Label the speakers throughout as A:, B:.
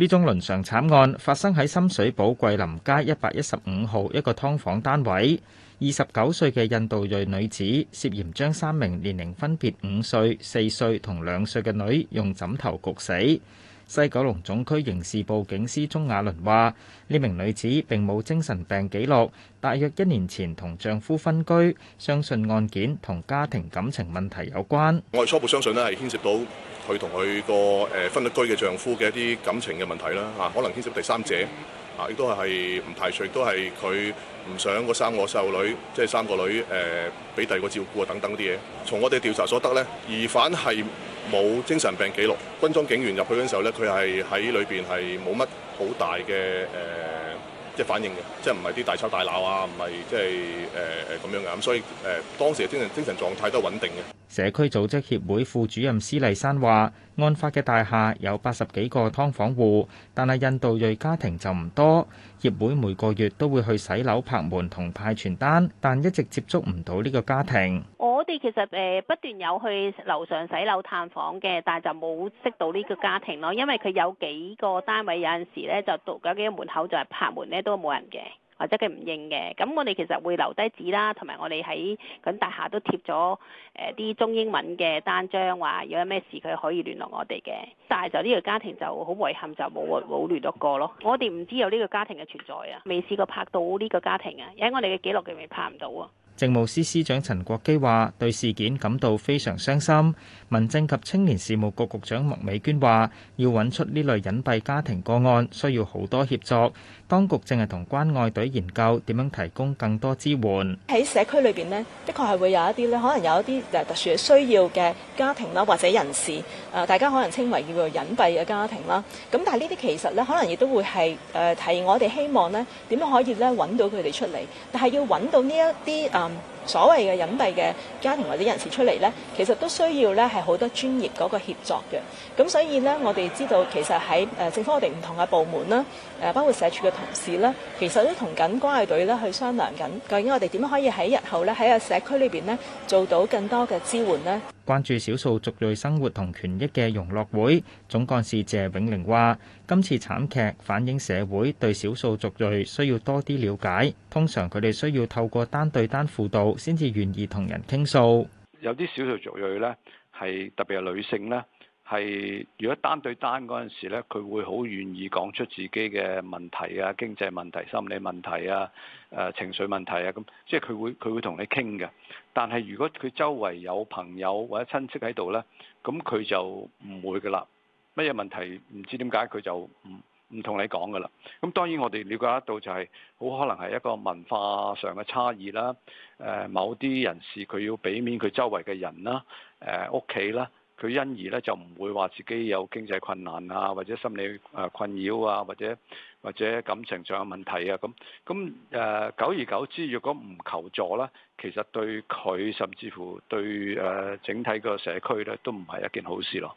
A: 呢宗倫常慘案發生喺深水埗桂林街一百一十五號一個劏房單位，二十九歲嘅印度裔女子涉嫌將三名年齡分別五歲、四歲同兩歲嘅女用枕頭焗死。西九龍總區刑事部警司鍾雅倫話：呢名女子並冇精神病記錄，大約一年前同丈夫分居，相信案件同家庭感情問題有關。
B: 我哋初步相信咧，係牽涉到佢同佢個誒分咗居嘅丈夫嘅一啲感情嘅問題啦。嚇，可能牽涉第三者，啊，亦都係唔排除，都係佢唔想嗰三個細路女，即係三個女誒，俾、呃、第二個照顧啊，等等啲嘢。從我哋調查所得呢，疑犯係。冇精神病記錄。軍裝警員入去嗰陣時候咧，佢係喺裏邊，係冇乜好大嘅誒，即係反應嘅，即係唔係啲大吵大鬧啊，唔係即係誒誒咁樣嘅，咁所以誒、呃，當時嘅精神精神狀態都係穩定嘅。
A: 社區組織協會副主任施麗珊話：案發嘅大廈有八十幾個劏房戶，但係印度裔家庭就唔多。協會每個月都會去洗樓、拍門同派傳單，但一直接觸唔到呢個家庭。
C: 我哋其實誒不斷有去樓上洗樓探訪嘅，但就冇識到呢個家庭咯，因為佢有幾個單位，有陣時咧，就到嗰幾個門口就係拍門咧，都冇人嘅。或者佢唔認嘅，咁我哋其實會留低紙啦，同埋我哋喺咁大廈都貼咗誒啲中英文嘅單張，話如果有咩事佢可以聯絡我哋嘅。但係就呢個家庭就好遺憾，就冇冇聯絡過咯。我哋唔知有呢個家庭嘅存在啊，未試過拍到呢個家庭啊，喺我
D: 哋嘅記錄入面拍唔到啊。
A: 政務司司長陳國基話：對事件感到非常傷心。民政及青年事務局局長麥美娟話：要揾出呢類隱蔽家庭個案，需要好多協助。當局正係同關愛隊研究點樣提供更多支援。
D: 喺社區裏邊咧，的確係會有一啲咧，可能有一啲誒特殊嘅需要嘅家庭啦，或者人士誒，大家可能稱為叫做隱蔽嘅家庭啦。咁但係呢啲其實咧，可能亦都會係誒提我哋希望咧，點樣可以咧揾到佢哋出嚟。但係要揾到呢一啲誒。所謂嘅隱蔽嘅家庭或者人士出嚟咧，其實都需要咧係好多專業嗰個協助嘅。咁所以咧，我哋知道其實喺誒政府我哋唔同嘅部門啦，誒、呃、包括社署嘅同事啦，其實都同緊關愛隊咧去商量緊，究竟我哋點樣可以喺日後咧喺個社區裏邊咧做到更多嘅支援呢。
A: 關注少數族裔生活同權益嘅融樂會總幹事謝永玲話：今次慘劇反映社會對少數族裔需要多啲了解，通常佢哋需要透過單對單輔導先至願意同人傾訴。
C: 有啲少數族裔咧，係特別係女性啦。係，如果單對單嗰陣時咧，佢會好願意講出自己嘅問題啊、經濟問題、心理問題啊、誒、呃、情緒問題啊咁，即係佢會佢會同你傾嘅。但係如果佢周圍有朋友或者親戚喺度呢，咁佢就唔會嘅啦。乜嘢問題唔知點解佢就唔唔同你講嘅啦。咁當然我哋瞭解得到就係、係、好可能係一個文化上嘅差異啦。誒、呃，某啲人士佢要俾面佢周圍嘅人啦，誒、屋企啦。佢因而咧就唔會話自己有經濟困難啊，或者心理誒困擾啊，或者或者感情上有問題啊咁。咁誒、呃、久而久之，若果唔求助咧，其實對佢甚至乎對誒、呃、整體個社區咧都唔係一件好事咯。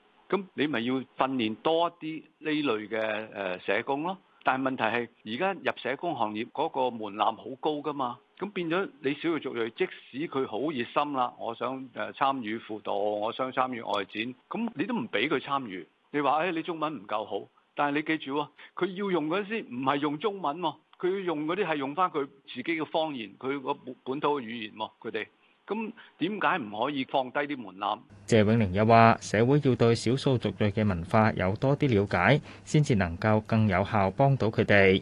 C: 咁你咪要訓練多啲呢類嘅誒社工咯，但係問題係而家入社工行業嗰個門檻好高噶嘛，咁變咗你少數族裔，即使佢好熱心啦，我想誒參與輔導，我想參與外展，咁你都唔俾佢參與。你話誒、哎、你中文唔夠好，但係你記住喎，佢要用嗰啲唔係用中文喎，佢要用嗰啲係用翻佢自己嘅方言，佢個本本土嘅語言喎，佢哋。咁點解唔可以放低啲門檻？
A: 謝永寧又話：社會要對少數族裔嘅文化有多啲了解，先至能夠更有效幫到佢哋。